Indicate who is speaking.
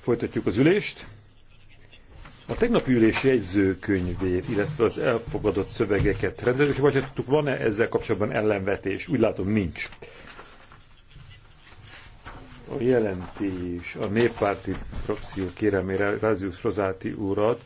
Speaker 1: Folytatjuk az ülést. A tegnapi ülés jegyzőkönyvét, illetve az elfogadott szövegeket rendelős, vagy hát tudtuk, van-e ezzel kapcsolatban ellenvetés? Úgy látom, nincs. A jelentés a néppárti frakció kérelmére Rázius Rozáti úrat